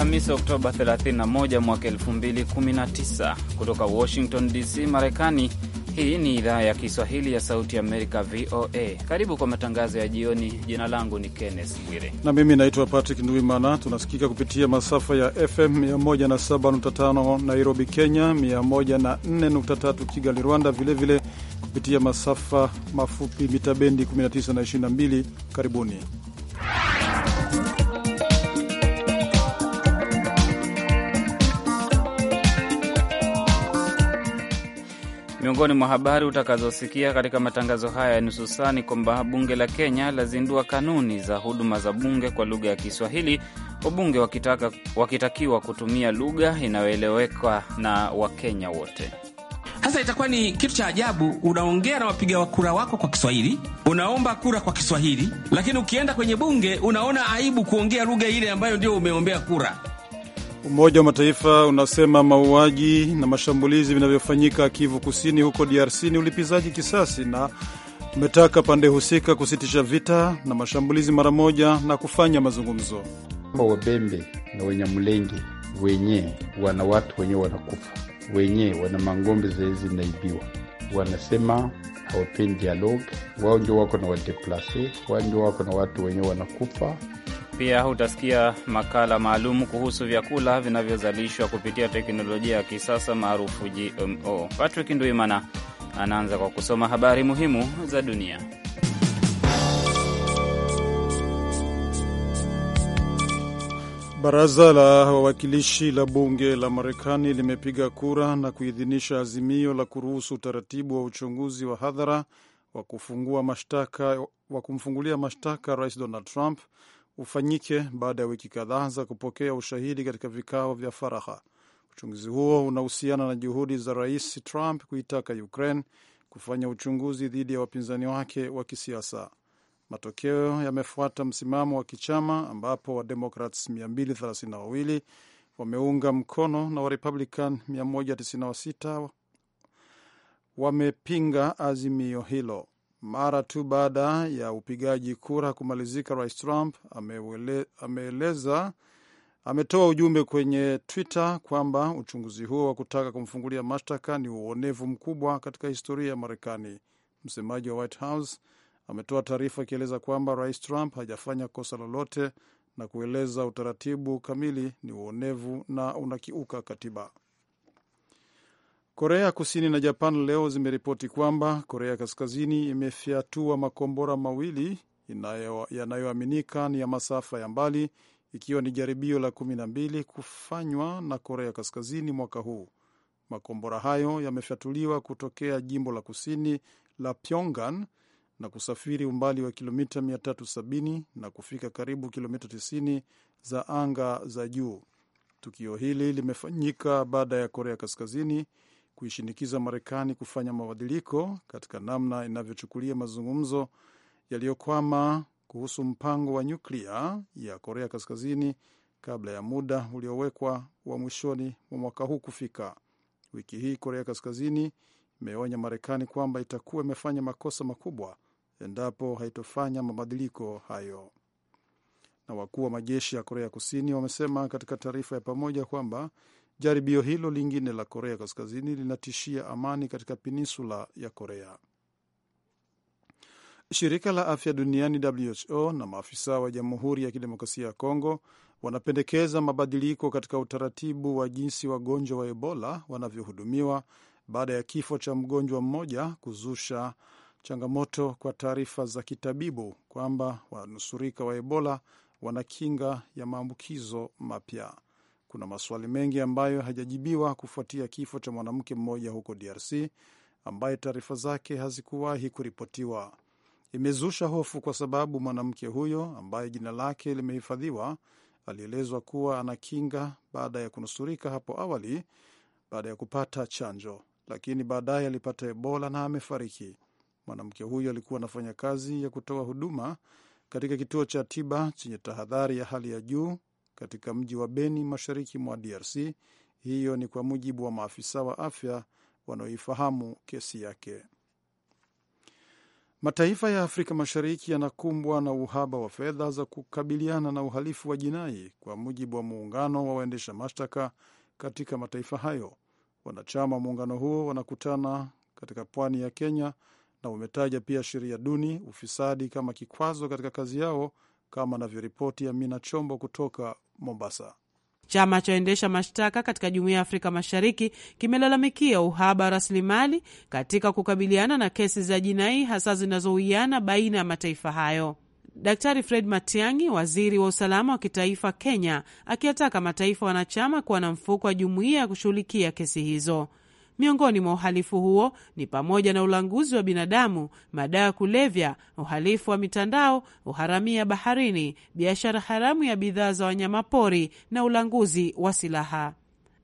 Alhamisi, Oktoba 31 mwaka 2019, kutoka Washington DC, Marekani. Hii ni idhaa ya Kiswahili ya Sauti Amerika, VOA. Karibu kwa matangazo ya jioni. Jina langu ni Kenneth Bwire na mimi naitwa Patrick Ndwimana. Tunasikika kupitia masafa ya FM 107.5 Nairobi, Kenya, 104.3 Kigali, Rwanda, vilevile vile kupitia masafa mafupi mita bendi 19 na 22. Karibuni. Miongoni mwa habari utakazosikia katika matangazo haya ya nusu saa ni kwamba bunge la Kenya lazindua kanuni za huduma za bunge kwa lugha ya Kiswahili, wabunge wakitaka, wakitakiwa kutumia lugha inayoelewekwa na Wakenya wote. Sasa itakuwa ni kitu cha ajabu, unaongea na wapiga kura wako kwa Kiswahili, unaomba kura kwa Kiswahili, lakini ukienda kwenye bunge unaona aibu kuongea lugha ile ambayo ndio umeombea kura. Umoja wa Mataifa unasema mauaji na mashambulizi vinavyofanyika Kivu Kusini huko DRC ni ulipizaji kisasi na umetaka pande husika kusitisha vita na mashambulizi mara moja na kufanya mazungumzo. Wabembe na Wenyamulenge wenyee wana watu wenyewe wanakufa, wenyewe wana mangombe zaizi zinaibiwa, wanasema hawapendi dialogue. Wao ndio wako na wadeplase, wao ndio wako na watu wenyewe wanakufa pia utasikia makala maalum kuhusu vyakula vinavyozalishwa kupitia teknolojia ya kisasa maarufu GMO. Patrick Nduimana anaanza kwa kusoma habari muhimu za dunia. Baraza la wawakilishi la bunge la Marekani limepiga kura na kuidhinisha azimio la kuruhusu utaratibu wa uchunguzi wa hadhara wa kufungua mashtaka wa kumfungulia mashtaka Rais Donald Trump ufanyike baada ya wiki kadhaa za kupokea ushahidi katika vikao vya faragha. Uchunguzi huo unahusiana na juhudi za Rais Trump kuitaka Ukraine kufanya uchunguzi dhidi ya wapinzani wake wa kisiasa. Matokeo yamefuata msimamo wa kichama ambapo Wademokrats 232 wameunga mkono na Warepublican 196 wamepinga azimio hilo. Mara tu baada ya upigaji kura kumalizika, Rais Trump ameeleza ametoa ujumbe kwenye Twitter kwamba uchunguzi huo wa kutaka kumfungulia mashtaka ni uonevu mkubwa katika historia ya Marekani. Msemaji wa White House ametoa taarifa akieleza kwamba Rais Trump hajafanya kosa lolote na kueleza utaratibu kamili ni uonevu na unakiuka katiba. Korea Kusini na Japan leo zimeripoti kwamba Korea Kaskazini imefyatua makombora mawili yanayoaminika ni ya masafa ya mbali, ikiwa ni jaribio la kumi na mbili kufanywa na Korea Kaskazini mwaka huu. Makombora hayo yamefyatuliwa kutokea jimbo la kusini la Pyongan na kusafiri umbali wa kilomita 370 na kufika karibu kilomita 90 za anga za juu. Tukio hili limefanyika baada ya Korea Kaskazini kuishinikiza Marekani kufanya mabadiliko katika namna inavyochukulia mazungumzo yaliyokwama kuhusu mpango wa nyuklia ya Korea Kaskazini kabla ya muda uliowekwa wa mwishoni mwa mwaka huu kufika. Wiki hii Korea Kaskazini imeonya Marekani kwamba itakuwa imefanya makosa makubwa endapo haitofanya mabadiliko hayo. Na wakuu wa majeshi ya Korea Kusini wamesema katika taarifa ya pamoja kwamba Jaribio hilo lingine la Korea Kaskazini linatishia amani katika peninsula ya Korea. Shirika la afya duniani WHO na maafisa wa Jamhuri ya Kidemokrasia ya Kongo wanapendekeza mabadiliko katika utaratibu wa jinsi wagonjwa wa Ebola wanavyohudumiwa baada ya kifo cha mgonjwa mmoja kuzusha changamoto kwa taarifa za kitabibu kwamba wanusurika wa Ebola wana kinga ya maambukizo mapya kuna maswali mengi ambayo hajajibiwa kufuatia kifo cha mwanamke mmoja huko DRC ambaye taarifa zake hazikuwahi kuripotiwa. Imezusha hofu kwa sababu mwanamke huyo ambaye jina lake limehifadhiwa alielezwa kuwa ana kinga baada ya kunusurika hapo awali baada ya kupata chanjo, lakini baadaye alipata Ebola na amefariki. Mwanamke huyo alikuwa anafanya kazi ya kutoa huduma katika kituo cha tiba chenye tahadhari ya hali ya juu katika mji wa Beni mashariki mwa DRC. Hiyo ni kwa mujibu wa maafisa wa afya wanaoifahamu kesi yake. Mataifa ya Afrika Mashariki yanakumbwa na uhaba wa fedha za kukabiliana na uhalifu wa jinai, kwa mujibu wa muungano wa waendesha mashtaka katika mataifa hayo. Wanachama wa muungano huo wanakutana katika pwani ya Kenya na umetaja pia sheria duni, ufisadi kama kikwazo katika kazi yao kama anavyoripoti Amina Chombo kutoka Mombasa. Chama cha waendesha mashtaka katika jumuiya ya Afrika Mashariki kimelalamikia uhaba wa rasilimali katika kukabiliana na kesi za jinai hasa zinazowiana baina ya mataifa hayo. Daktari Fred Matiang'i, waziri wa usalama wa kitaifa Kenya, akiyataka mataifa wanachama kuwa na mfuko wa jumuiya ya kushughulikia kesi hizo. Miongoni mwa uhalifu huo ni pamoja na ulanguzi wa binadamu, madawa ya kulevya, uhalifu wa mitandao, uharamia baharini, biashara haramu ya bidhaa za wanyamapori na ulanguzi wa silaha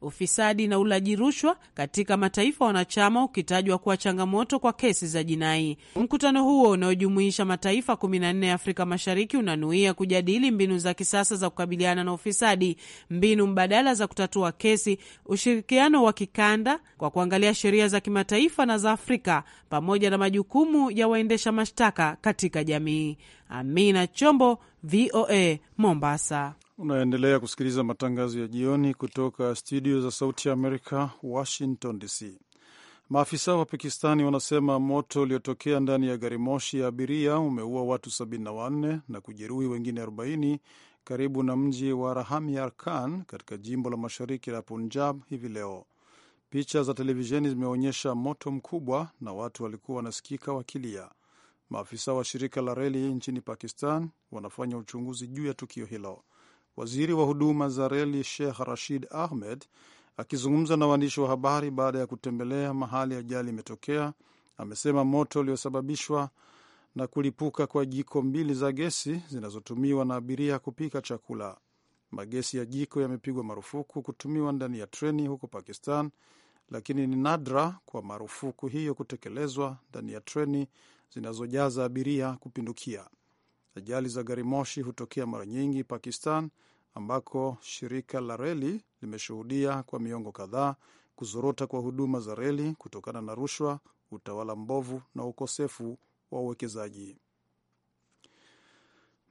ufisadi na ulaji rushwa katika mataifa wanachama ukitajwa kuwa changamoto kwa kesi za jinai. Mkutano huo unaojumuisha mataifa 14 ya Afrika Mashariki unanuia kujadili mbinu za kisasa za kukabiliana na ufisadi, mbinu mbadala za kutatua kesi, ushirikiano wa kikanda kwa kuangalia sheria za kimataifa na za Afrika, pamoja na majukumu ya waendesha mashtaka katika jamii. Amina Chombo, VOA, Mombasa. Unaendelea kusikiliza matangazo ya jioni kutoka studio za Sauti ya Amerika, Washington DC. Maafisa wa Pakistani wanasema moto uliotokea ndani ya gari moshi ya abiria umeua watu 74 na kujeruhi wengine 40 karibu na mji wa Rahamyar Khan katika jimbo la mashariki la Punjab hivi leo. Picha za televisheni zimeonyesha moto mkubwa na watu walikuwa wanasikika wakilia. Maafisa wa shirika la reli nchini Pakistan wanafanya uchunguzi juu ya tukio hilo. Waziri wa huduma za reli Sheikh Rashid Ahmed akizungumza na waandishi wa habari baada ya kutembelea mahali ajali imetokea, amesema moto uliosababishwa na kulipuka kwa jiko mbili za gesi zinazotumiwa na abiria kupika chakula. Magesi ya jiko yamepigwa marufuku kutumiwa ndani ya treni huko Pakistan, lakini ni nadra kwa marufuku hiyo kutekelezwa ndani ya treni zinazojaza abiria kupindukia. Ajali za gari moshi hutokea mara nyingi Pakistan, ambako shirika la reli limeshuhudia kwa miongo kadhaa kuzorota kwa huduma za reli kutokana na rushwa, utawala mbovu na ukosefu wa uwekezaji.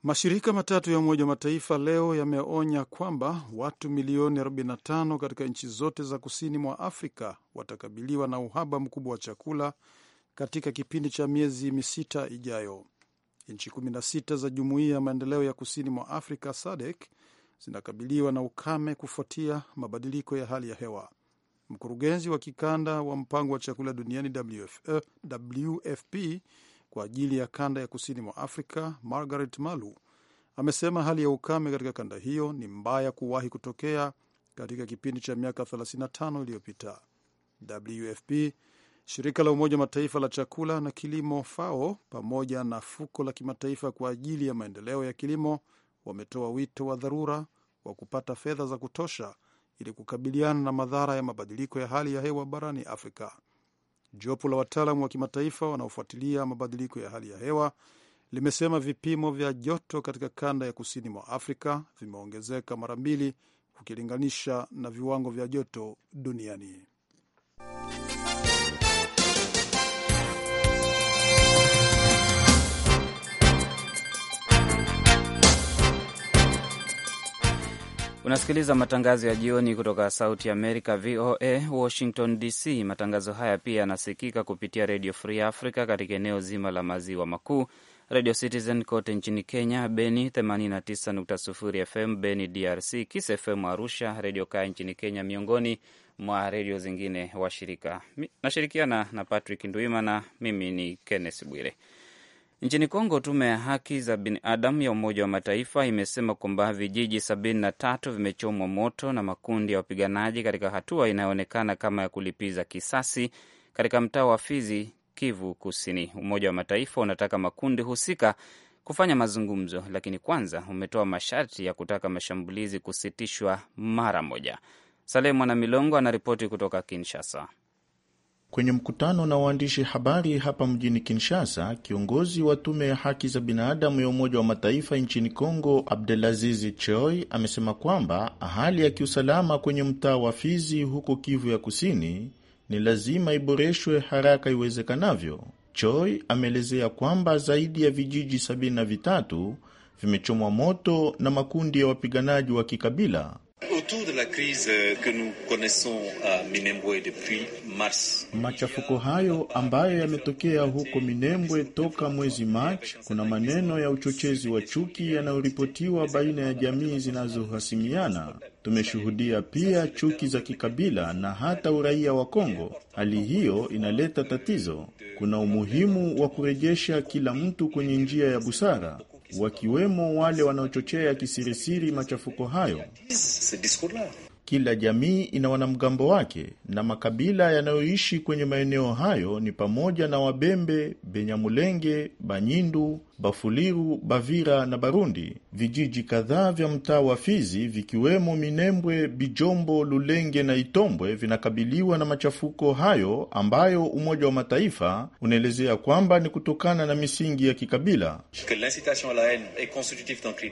Mashirika matatu ya Umoja wa Mataifa leo yameonya kwamba watu milioni 45 katika nchi zote za kusini mwa Afrika watakabiliwa na uhaba mkubwa wa chakula katika kipindi cha miezi misita ijayo. Nchi 16 za Jumuiya ya Maendeleo ya Kusini mwa Afrika sadec zinakabiliwa na ukame kufuatia mabadiliko ya hali ya hewa. Mkurugenzi wa kikanda wa mpango wa chakula duniani WFP kwa ajili ya kanda ya kusini mwa Afrika Margaret Malu amesema hali ya ukame katika kanda hiyo ni mbaya kuwahi kutokea katika kipindi cha miaka 35 iliyopita. WFP Shirika la Umoja Mataifa la chakula na kilimo FAO pamoja na fuko la kimataifa kwa ajili ya maendeleo ya kilimo wametoa wito wa dharura wa kupata fedha za kutosha ili kukabiliana na madhara ya mabadiliko ya hali ya hewa barani Afrika. Jopo la wataalamu wa kimataifa wanaofuatilia mabadiliko ya hali ya hewa limesema vipimo vya joto katika kanda ya kusini mwa Afrika vimeongezeka mara mbili ukilinganisha na viwango vya joto duniani. Unasikiliza matangazo ya jioni kutoka Sauti Amerika, VOA Washington DC. Matangazo haya pia yanasikika kupitia Redio Free Africa katika eneo zima la maziwa makuu, Redio Citizen kote nchini Kenya, Beni 89.0 FM Beni DRC, Kis FM Arusha, Redio Kaya nchini Kenya, miongoni mwa redio zingine washirika. Nashirikiana na Patrick Nduima na mimi ni Kenneth Bwire. Nchini Kongo, tume ya haki za binadamu ya Umoja wa Mataifa imesema kwamba vijiji 73 vimechomwa moto na makundi ya wapiganaji katika hatua inayoonekana kama ya kulipiza kisasi katika mtaa wa Fizi, Kivu Kusini. Umoja wa Mataifa unataka makundi husika kufanya mazungumzo, lakini kwanza umetoa masharti ya kutaka mashambulizi kusitishwa mara moja. Saleh Mwana Milongo anaripoti kutoka Kinshasa. Kwenye mkutano na waandishi habari hapa mjini Kinshasa, kiongozi wa tume ya haki za binadamu ya Umoja wa Mataifa nchini Kongo, Abdelazizi Choi, amesema kwamba hali ya kiusalama kwenye mtaa wa Fizi huko Kivu ya Kusini ni lazima iboreshwe haraka iwezekanavyo. Choi ameelezea kwamba zaidi ya vijiji 73 vimechomwa moto na makundi ya wapiganaji wa kikabila Autour de la crise euh, que nous connaissons à Minembwe depuis mars. Machafuko hayo ambayo yametokea huko Minembwe toka mwezi Machi, kuna maneno ya uchochezi wa chuki yanayoripotiwa baina ya jamii zinazohasimiana. Tumeshuhudia pia chuki za kikabila na hata uraia wa Kongo. Hali hiyo inaleta tatizo. Kuna umuhimu wa kurejesha kila mtu kwenye njia ya busara wakiwemo wale wanaochochea kisirisiri machafuko hayo. Kila jamii ina wanamgambo wake na makabila yanayoishi kwenye maeneo hayo ni pamoja na Wabembe, Benyamulenge, Banyindu, Bafuliru, Bavira na Barundi. Vijiji kadhaa vya mtaa wa Fizi vikiwemo Minembwe, Bijombo, Lulenge na Itombwe vinakabiliwa na machafuko hayo ambayo Umoja wa Mataifa unaelezea kwamba ni kutokana na misingi ya kikabila.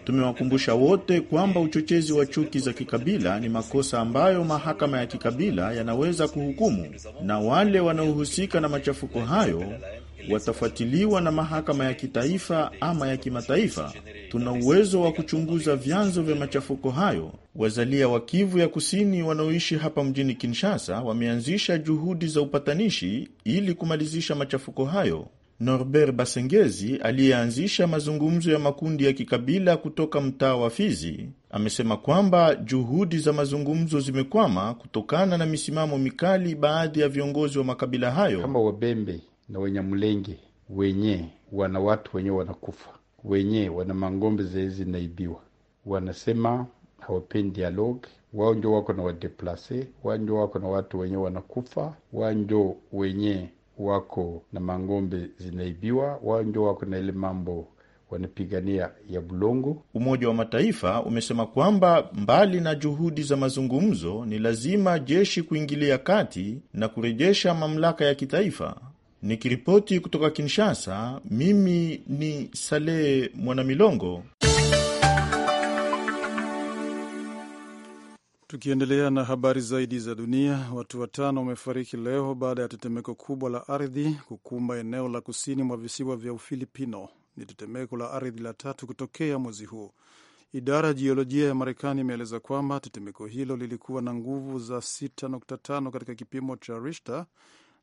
Tumewakumbusha wote kwamba uchochezi wa chuki za kikabila ni makosa ambayo mahakama ya kikabila yanaweza kuhukumu, na wale wanaohusika na machafuko hayo watafuatiliwa na mahakama ya kitaifa ama ya kimataifa. Tuna uwezo wa kuchunguza vyanzo vya machafuko hayo. Wazalia wa Kivu ya Kusini wanaoishi hapa mjini Kinshasa wameanzisha juhudi za upatanishi ili kumalizisha machafuko hayo. Norbert Basengezi aliyeanzisha mazungumzo ya makundi ya kikabila kutoka mtaa wa Fizi amesema kwamba juhudi za mazungumzo zimekwama kutokana na misimamo mikali baadhi ya viongozi wa makabila hayo kama Wabembe na mlenge wenye wana watu wenye wanakufa, wenye wana mangombe zee zinaibiwa. Wanasema hawapendi dialogue, wao njo wako na wadeplace wao ndio wako na watu wenye wanakufa, wao ndio wenye wako na mangombe zinaibiwa, wao njo wako na ile mambo wanapigania ya bulongo. Umoja wa Mataifa umesema kwamba mbali na juhudi za mazungumzo, ni lazima jeshi kuingilia kati na kurejesha mamlaka ya kitaifa. Nikiripoti kutoka Kinshasa, mimi ni Saleh Mwanamilongo. Tukiendelea na habari zaidi za dunia, watu watano wamefariki leo baada ya tetemeko kubwa la ardhi kukumba eneo la kusini mwa visiwa vya Ufilipino. Ni tetemeko la ardhi la tatu kutokea mwezi huu. Idara ya jiolojia ya Marekani imeeleza kwamba tetemeko hilo lilikuwa na nguvu za 6.5 katika kipimo cha Richter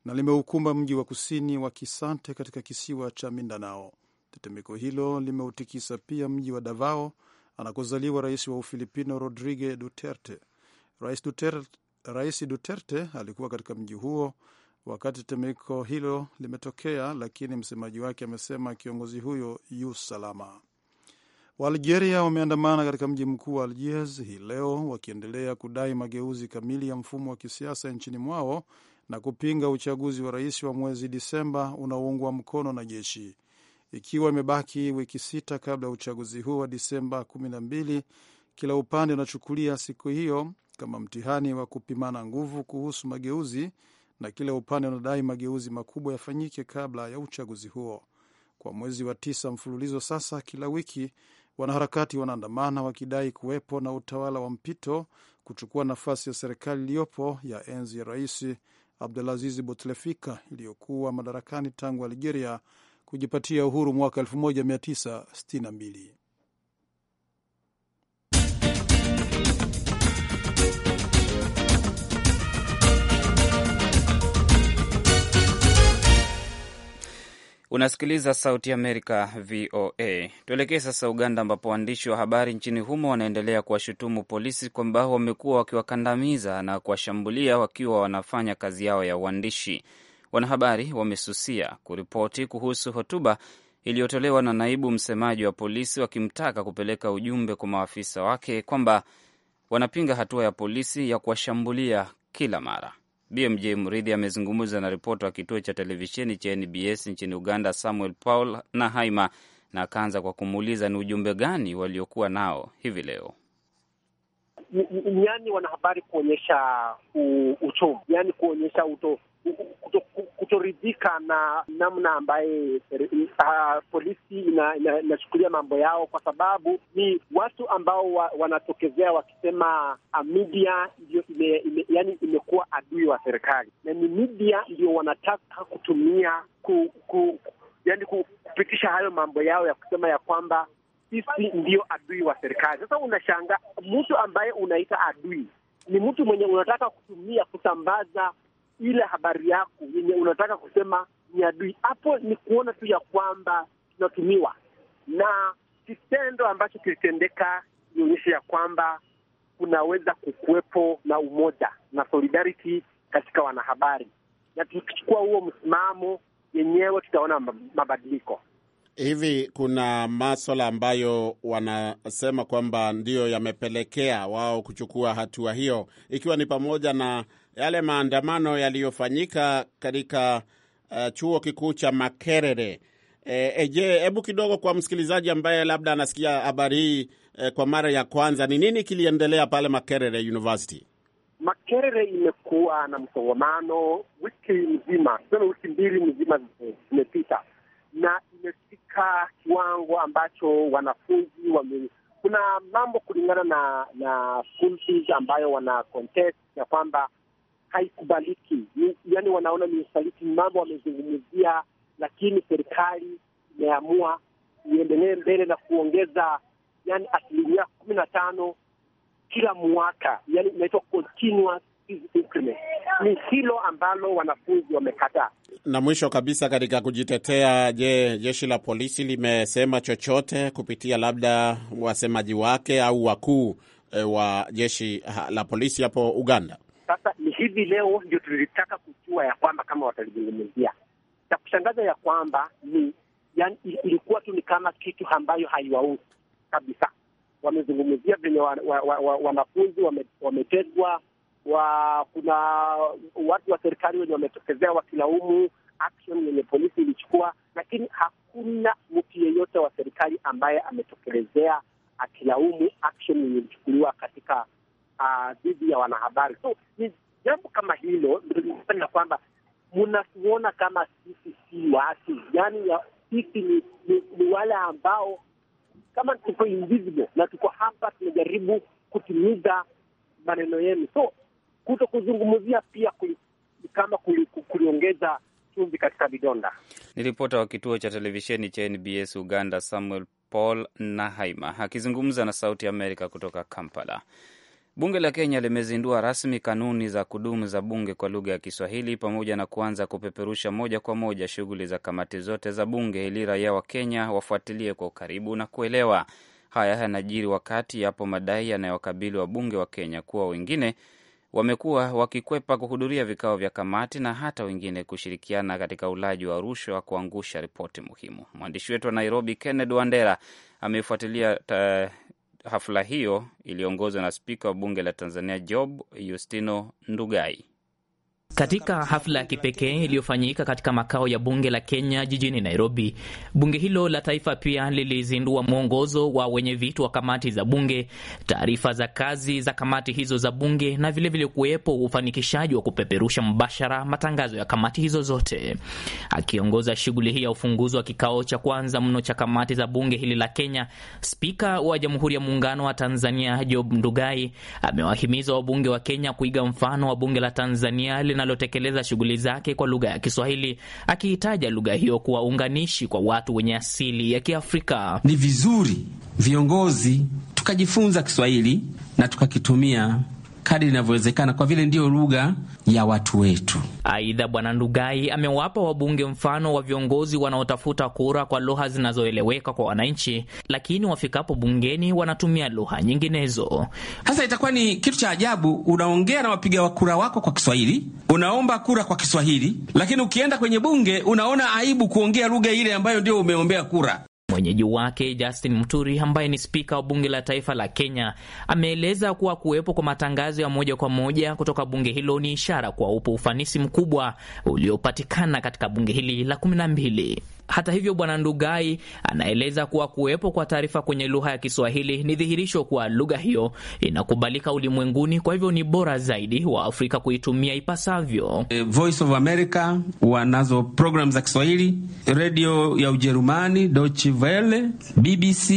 na limeukumba mji wa kusini wa Kisante katika kisiwa cha Mindanao. Tetemeko hilo limeutikisa pia mji wa Davao anakozaliwa rais wa Ufilipino Rodrigue Duterte. Rais Duterte, Rais Duterte alikuwa katika mji huo wakati tetemeko hilo limetokea, lakini msemaji wake amesema kiongozi huyo yu salama. Waalgeria wameandamana katika mji mkuu wa Algiers hii leo wakiendelea kudai mageuzi kamili ya mfumo wa kisiasa nchini mwao na kupinga uchaguzi wa rais wa mwezi Disemba unaoungwa mkono na jeshi. Ikiwa imebaki wiki sita kabla ya uchaguzi huo wa Disemba 12, kila upande unachukulia siku hiyo kama mtihani wa kupimana nguvu kuhusu mageuzi, na kila upande unadai mageuzi makubwa yafanyike kabla ya uchaguzi huo. Kwa mwezi wa tisa mfululizo sasa, kila wiki wanaharakati wanaandamana wakidai kuwepo na utawala wa mpito kuchukua nafasi ya serikali iliyopo ya enzi ya rais Abdulaziz botlefika iliyokuwa madarakani tangu Algeria kujipatia uhuru mwaka 1962. Unasikiliza Sauti Amerika, VOA. Tuelekee sasa Uganda, ambapo waandishi wa habari nchini humo wanaendelea kuwashutumu polisi kwamba wamekuwa wakiwakandamiza na kuwashambulia wakiwa wanafanya kazi yao ya uandishi. Wanahabari wamesusia kuripoti kuhusu hotuba iliyotolewa na naibu msemaji wa polisi, wakimtaka kupeleka ujumbe kwa maafisa wake kwamba wanapinga hatua ya polisi ya kuwashambulia kila mara. BMJ Mridhi amezungumza na ripota wa kituo cha televisheni cha NBS nchini Uganda, Samuel Paul na Haima, na akaanza kwa kumuuliza ni ujumbe gani waliokuwa nao hivi leo. yani wanahabari kuonyesha uchumi, yani kuonyesha utofu kutoridhika na namna ambaye uh, polisi inachukulia ina, mambo yao, kwa sababu ni watu ambao wa, wanatokezea wakisema uh, media ndio ime, ime, yani imekuwa adui wa serikali na ni media ndio wanataka kutumia ku, ku, yani kupitisha hayo mambo yao ya kusema ya kwamba sisi ndio adui wa serikali. Sasa unashangaa mtu ambaye unaita adui ni mtu mwenye unataka kutumia kusambaza ile habari yako yenye unataka kusema ni adui. Hapo ni kuona tu ya kwamba tunatumiwa, na kitendo ambacho kilitendeka nionyesha ya kwamba kunaweza kukuwepo na umoja na solidarity katika wanahabari, na tukichukua huo msimamo yenyewe tutaona mabadiliko hivi kuna maswala ambayo wanasema kwamba ndiyo yamepelekea wao kuchukua hatua hiyo, ikiwa ni pamoja na yale maandamano yaliyofanyika katika uh, chuo kikuu cha Makerere. E, je, hebu kidogo kwa msikilizaji ambaye labda anasikia habari hii e, kwa mara ya kwanza, ni nini kiliendelea pale Makerere University? Makerere imekuwa na msongamano wiki mzima, tuseme wiki mbili mzima zimepita na imefika kiwango ambacho wanafunzi wame, kuna mambo kulingana na na school fees ambayo wana contest ya kwamba haikubaliki, yaani wanaona ni usaliti, mambo wamezungumzia, lakini serikali imeamua iendelee mbele na kuongeza yani asilimia kumi na tano kila mwaka, yani inaitwa continuous ni hilo ambalo wanafunzi wamekataa. Na mwisho kabisa, katika kujitetea, je, jeshi la polisi limesema chochote kupitia labda wasemaji wake au wakuu e, wa jeshi la polisi hapo Uganda? Sasa ni hivi leo ndio tulitaka kujua ya kwamba kama watalizungumzia. Cha kushangaza ya kwamba ni yani, ilikuwa tu ni kama kitu ambayo haiwahusu kabisa. Wamezungumzia venye wanafunzi wa, wa, wa, wa, wametegwa wa kuna watu wa serikali wenye wametokezea wakilaumu action yenye polisi ilichukua, lakini hakuna mtu yeyote wa serikali ambaye ametokelezea akilaumu action yenye ilichukuliwa katika dhidi uh, ya wanahabari. So ni jambo kama hilo ndio kwamba mnatuona kama sisi si waasi, yani ya, sisi ni, ni, ni wale ambao kama tuko invisible na tuko hapa tunajaribu kutimiza maneno yenu. So kuto kuzungumzia pia kuli, kama kuliongeza chumvi katika vidonda. Ni ripota wa kituo cha televisheni cha NBS Uganda, Samuel Paul Nahaima akizungumza na Sauti Amerika kutoka Kampala. Bunge la Kenya limezindua rasmi kanuni za kudumu za bunge kwa lugha ya Kiswahili pamoja na kuanza kupeperusha moja kwa moja shughuli za kamati zote za bunge ili raia wa Kenya wafuatilie kwa ukaribu na kuelewa. Haya yanajiri wakati yapo madai yanayowakabili wabunge wa Kenya kuwa wengine wamekuwa wakikwepa kuhudhuria vikao vya kamati na hata wengine kushirikiana katika ulaji wa rushwa kuangusha ripoti muhimu. Mwandishi wetu wa Nairobi, Kenneth Wandera, ameifuatilia eh, hafla hiyo iliyoongozwa na spika wa bunge la Tanzania Job Yustino Ndugai. Katika hafla ya kipekee iliyofanyika katika makao ya bunge la Kenya jijini Nairobi, bunge hilo la taifa pia lilizindua mwongozo wa wenye viti wa kamati za bunge, taarifa za kazi za kamati hizo za bunge na vilevile kuwepo ufanikishaji wa kupeperusha mbashara matangazo ya kamati hizo zote. Akiongoza shughuli hii ya ufunguzi wa kikao cha kwanza mno cha kamati za bunge hili la Kenya, spika wa Jamhuri ya Muungano wa Tanzania Job Ndugai amewahimiza wabunge wa Kenya kuiga mfano wa bunge la Tanzania linalotekeleza shughuli zake kwa lugha ya Kiswahili, akiitaja lugha hiyo kuwa unganishi kwa watu wenye asili ya Kiafrika. Ni vizuri viongozi tukajifunza Kiswahili na tukakitumia kadri inavyowezekana kwa vile ndiyo lugha ya watu wetu. Aidha, Bwana Ndugai amewapa wabunge mfano wa viongozi wanaotafuta kura kwa lugha zinazoeleweka kwa wananchi, lakini wafikapo bungeni wanatumia lugha nyinginezo. Sasa itakuwa ni kitu cha ajabu, unaongea na wapiga kura wako kwa Kiswahili, unaomba kura kwa Kiswahili, lakini ukienda kwenye bunge unaona aibu kuongea lugha ile ambayo ndio umeombea kura. Mwenyeji wake Justin Muturi ambaye ni spika wa bunge la taifa la Kenya ameeleza kuwa kuwepo kwa matangazo ya moja kwa moja kutoka bunge hilo ni ishara kuwa upo ufanisi mkubwa uliopatikana katika bunge hili la kumi na mbili. Hata hivyo, Bwana Ndugai anaeleza kuwa kuwepo kwa taarifa kwenye lugha ya Kiswahili ni dhihirisho kuwa lugha hiyo inakubalika ulimwenguni, kwa hivyo ni bora zaidi wa Afrika kuitumia ipasavyo. Voice of America wanazo programu za Kiswahili, redio ya Ujerumani Deutsche Welle, BBC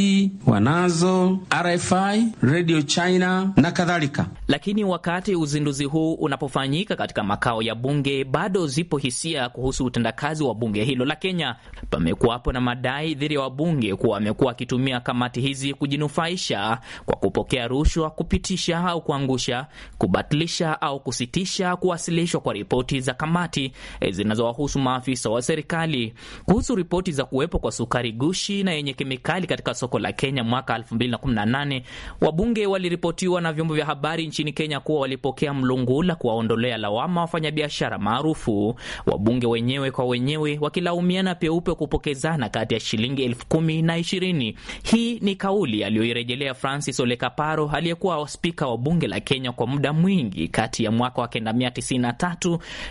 wanazo, RFI, redio China na kadhalika. Lakini wakati uzinduzi huu unapofanyika katika makao ya bunge, bado zipo hisia kuhusu utendakazi wa bunge hilo la Kenya pamekuwapo na madai dhidi ya wabunge kuwa wamekuwa wakitumia kamati hizi kujinufaisha kwa kupokea rushwa, kupitisha au kuangusha, kubatilisha au kusitisha kuwasilishwa kwa ripoti za kamati zinazowahusu maafisa wa serikali. Kuhusu ripoti za kuwepo kwa sukari gushi na yenye kemikali katika soko la Kenya mwaka 2018, wabunge waliripotiwa na vyombo vya habari nchini Kenya kuwa walipokea mlungula kuwaondolea lawama wafanyabiashara maarufu, wabunge wenyewe kwa wenyewe wakilaumiana peupe wa kupokezana kati ya shilingi elfu kumi na ishirini. Hii ni kauli aliyoirejelea Francis Ole Kaparo aliyekuwa spika wa bunge la Kenya kwa muda mwingi kati ya mwaka wa tisini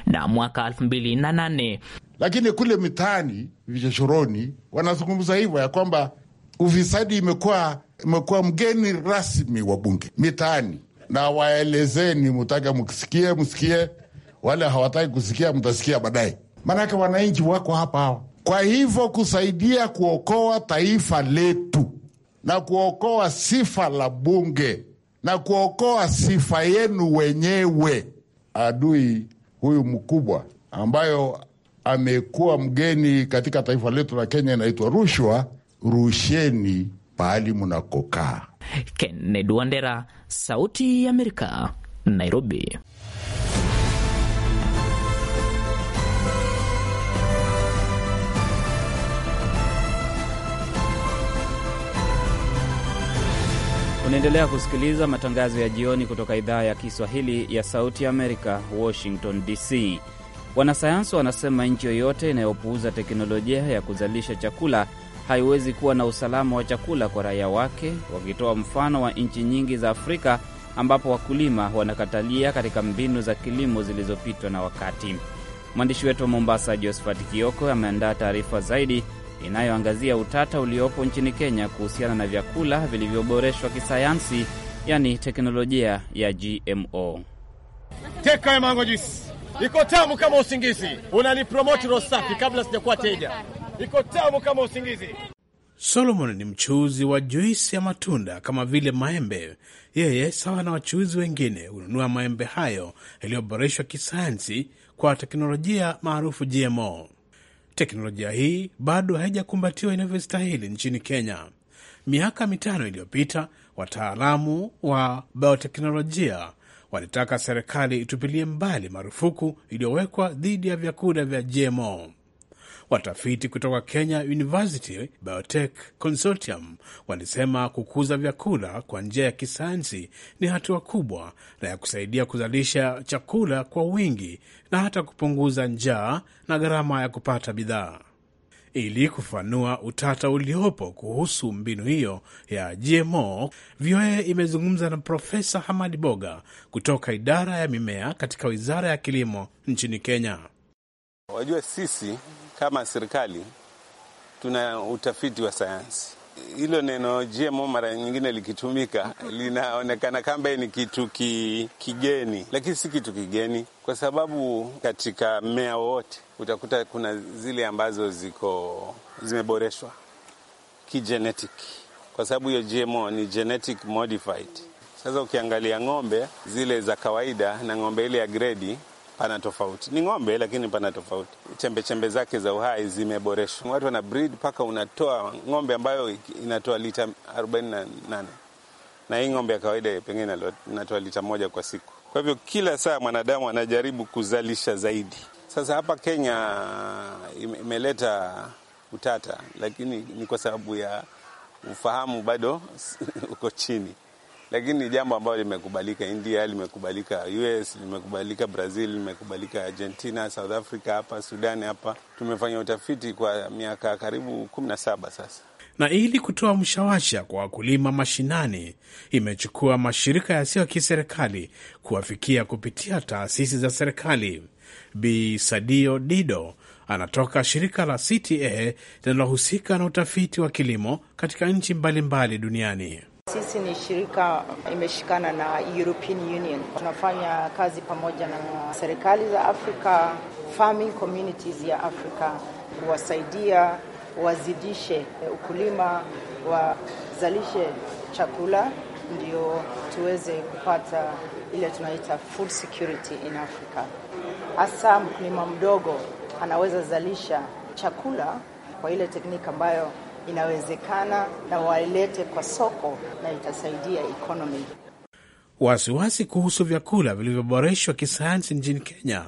na mwaka nane. Lakini kule mitaani vichochoroni wanazungumza hivyo ya kwamba ufisadi imekuwa imekuwa mgeni rasmi wa bunge mitaani, na waelezeni, mutaka msikie msikie, wale hawataki kusikia mtasikia baadaye, maanake wananchi wako hapa hawa kwa hivyo kusaidia kuokoa taifa letu na kuokoa sifa la bunge na kuokoa sifa yenu wenyewe. Adui huyu mkubwa ambayo amekuwa mgeni katika taifa letu la Kenya inaitwa rushwa. Rusheni pahali mnakokaa. Kennedy Wandera, Sauti ya Amerika, Nairobi. Unaendelea kusikiliza matangazo ya jioni kutoka idhaa ya Kiswahili ya Sauti Amerika, Washington DC. Wanasayansi wanasema nchi yoyote inayopuuza teknolojia ya kuzalisha chakula haiwezi kuwa na usalama wa chakula kwa raia wake, wakitoa mfano wa nchi nyingi za Afrika ambapo wakulima wanakatalia katika mbinu za kilimo zilizopitwa na wakati. Mwandishi wetu wa Mombasa, Josephat Kioko, ameandaa taarifa zaidi inayoangazia utata uliopo nchini Kenya kuhusiana na vyakula vilivyoboreshwa kisayansi, yani teknolojia ya GMO. Teka ya mango juice iko tamu kama usingizi. Unanipromoti Rosafi kabla sijakuwa teja, iko tamu kama usingizi. Solomon ni mchuuzi wa juisi ya matunda kama vile maembe. Yeye sawa na wachuuzi wengine hununua maembe hayo yaliyoboreshwa kisayansi kwa teknolojia maarufu GMO teknolojia hii bado haijakumbatiwa inavyostahili nchini Kenya. Miaka mitano iliyopita, wataalamu wa bioteknolojia walitaka serikali itupilie mbali marufuku iliyowekwa dhidi ya vyakula vya GMO. Watafiti kutoka Kenya University Biotech Consortium walisema kukuza vyakula kwa njia ya kisayansi ni hatua kubwa na ya kusaidia kuzalisha chakula kwa wingi na hata kupunguza njaa na gharama ya kupata bidhaa. Ili kufanua utata uliopo kuhusu mbinu hiyo ya GMO, VOA imezungumza na Profesa Hamadi Boga kutoka idara ya mimea katika wizara ya kilimo nchini Kenya. Wajua, sisi kama serikali tuna utafiti wa sayansi. Hilo neno GMO mara nyingine likitumika linaonekana kama ni kitu ki, kigeni, lakini si kitu kigeni, kwa sababu katika mmea wowote utakuta kuna zile ambazo ziko zimeboreshwa kigenetic, kwa sababu hiyo GMO ni genetic modified. Sasa ukiangalia ng'ombe zile za kawaida na ng'ombe ile ya gredi pana tofauti, ni ng'ombe lakini pana tofauti. Chembe chembe zake za uhai zimeboreshwa, watu wana breed mpaka unatoa ng'ombe ambayo inatoa lita 48 na hii ng'ombe ya kawaida pengine inatoa lita moja kwa siku. Kwa hivyo kila saa mwanadamu anajaribu kuzalisha zaidi. Sasa hapa Kenya imeleta utata, lakini ni kwa sababu ya ufahamu bado uko chini lakini ni jambo ambalo limekubalika India, limekubalika US, limekubalika Brazil, limekubalika Argentina, South Africa, hapa Sudani hapa. Tumefanya utafiti kwa miaka karibu kumi na saba sasa na ili kutoa mshawasha kwa wakulima mashinani, imechukua mashirika yasiyo ya kiserikali kuwafikia kupitia taasisi za serikali. Bi Sadio Dido anatoka shirika la CTA linalohusika na utafiti wa kilimo katika nchi mbalimbali duniani. Sisi ni shirika imeshikana na European Union, tunafanya kazi pamoja na serikali za Afrika, farming communities ya Afrika kuwasaidia wazidishe ukulima, wazalishe chakula ndio tuweze kupata ile tunaita food security in Africa. Hasa mkulima mdogo anaweza zalisha chakula kwa ile teknika ambayo inawezekana na walete kwa soko na itasaidia ekonomi. Wasiwasi kuhusu vyakula vilivyoboreshwa kisayansi nchini Kenya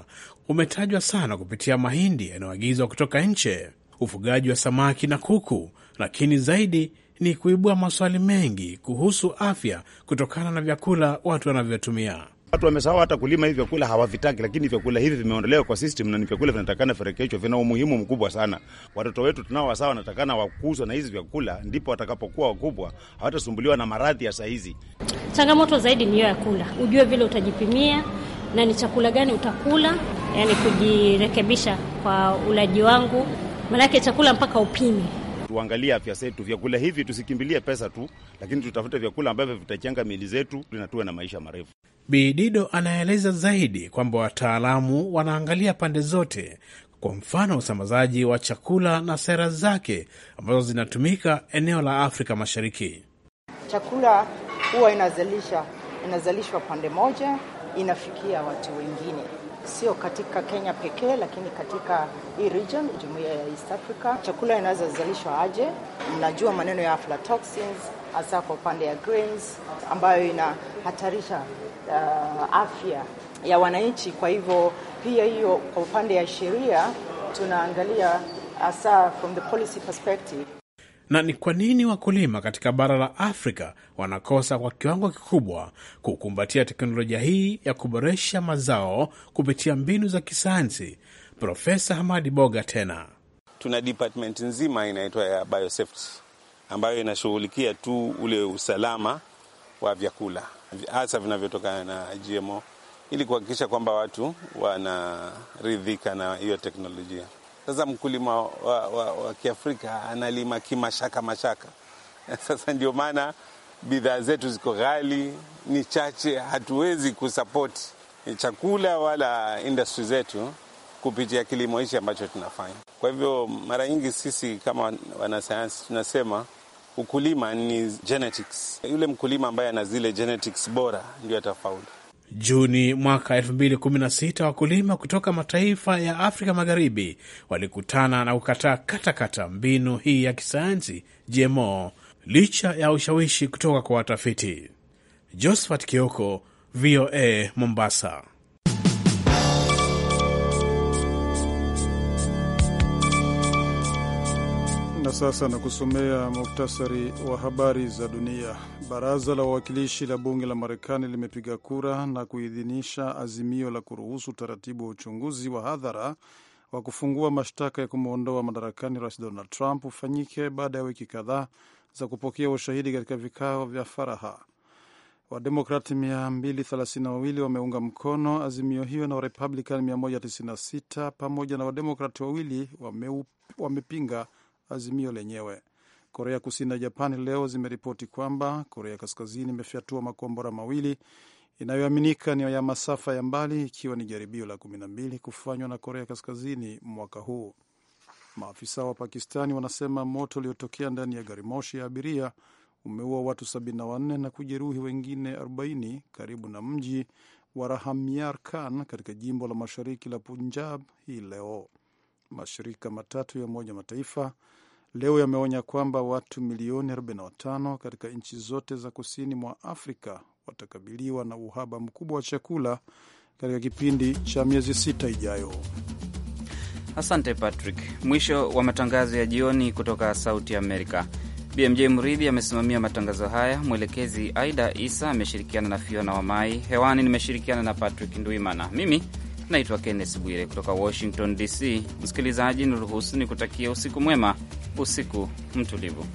umetajwa sana kupitia mahindi yanayoagizwa kutoka nje, ufugaji wa samaki na kuku, lakini zaidi ni kuibua maswali mengi kuhusu afya kutokana na vyakula watu wanavyotumia. Watu wamesahau hata kulima hivi vyakula hawavitaki, lakini vyakula hivi vimeondolewa kwa system na ni vyakula vinatakana ferekeshwa, vina umuhimu mkubwa sana. Watoto wetu tunao wasawa, wanatakana wakuzwa na hizi vyakula, ndipo watakapokuwa wakubwa hawatasumbuliwa na maradhi ya saa hizi. Changamoto zaidi ni hiyo ya kula, ujue vile utajipimia na ni chakula gani utakula, yani kujirekebisha kwa ulaji wangu, maanake chakula mpaka upime tuangalie afya zetu, vyakula hivi, tusikimbilie pesa tu, lakini tutafute vyakula ambavyo vitachenga miili zetu na tuwe na maisha marefu. Bidido anaeleza zaidi kwamba wataalamu wanaangalia pande zote, kwa mfano usambazaji wa chakula na sera zake ambazo zinatumika eneo la Afrika Mashariki. Chakula huwa inazalisha inazalishwa pande moja, inafikia watu wengine sio katika Kenya pekee, lakini katika hii region, jumuiya ya East Africa. Chakula inaweza zalishwa aje? Mnajua maneno ya aflatoxins, hasa kwa upande ya grains ambayo inahatarisha uh, afya ya wananchi. Kwa hivyo pia hiyo, kwa upande ya sheria tunaangalia hasa from the policy perspective na ni kwa nini wakulima katika bara la Afrika wanakosa kwa kiwango kikubwa kukumbatia teknolojia hii ya kuboresha mazao kupitia mbinu za kisayansi? Profesa Hamadi Boga tena tuna department nzima inaitwa ya biosafety ambayo inashughulikia tu ule usalama wa vyakula hasa vinavyotokana na GMO ili kuhakikisha kwamba watu wanaridhika na hiyo teknolojia. Sasa mkulima wa, wa, wa Kiafrika analima kimashaka mashaka. Sasa ndio maana bidhaa zetu ziko ghali, ni chache, hatuwezi kusapoti eh, chakula wala ndst zetu kupitia kilimo hichi ambacho tunafanya. Kwa hivyo mara nyingi sisi kama wanasayansi tunasema ukulima ni genetics. Yule mkulima ambaye ana zile genetics bora ndio atafaulu. Juni mwaka 2016 wakulima kutoka mataifa ya Afrika Magharibi walikutana na kukataa katakata mbinu hii ya kisayansi GMO licha ya ushawishi kutoka kwa watafiti. Josephat Kioko, VOA Mombasa. Na sasa nakusomea muktasari wa habari za dunia. Baraza la wawakilishi la bunge la Marekani limepiga kura na kuidhinisha azimio la kuruhusu utaratibu wa uchunguzi wa hadhara wa kufungua mashtaka ya kumwondoa madarakani rais Donald Trump ufanyike baada ya wiki kadhaa za kupokea ushahidi katika vikao vya faraha. Wademokrati 232 wameunga mkono azimio hiyo na Warepublican 196 pamoja na Wademokrati wawili wamepinga azimio lenyewe. Korea Kusini na Japan leo zimeripoti kwamba Korea Kaskazini imefyatua makombora mawili inayoaminika ni ya masafa ya mbali, ikiwa ni jaribio la kumi na mbili kufanywa na Korea Kaskazini mwaka huu. Maafisa wa Pakistani wanasema moto uliotokea ndani ya gari moshi ya abiria umeua watu 74 na kujeruhi wengine 40 karibu na mji wa Rahamiar Khan katika jimbo la mashariki la Punjab hii leo. Mashirika matatu ya Umoja Mataifa leo yameonya kwamba watu milioni 45 katika nchi zote za kusini mwa Afrika watakabiliwa na uhaba mkubwa wa chakula katika kipindi cha miezi sita ijayo. Asante Patrick. Mwisho wa matangazo ya jioni kutoka Sauti Amerika. BMJ Mridhi amesimamia matangazo haya, mwelekezi Aida Isa ameshirikiana na Fiona Wamai. Hewani nimeshirikiana na Patrick Ndwimana. Mimi naitwa Kenneth Bwire kutoka Washington DC. Msikilizaji, niruhusu ni kutakia usiku mwema usiku mtulivu.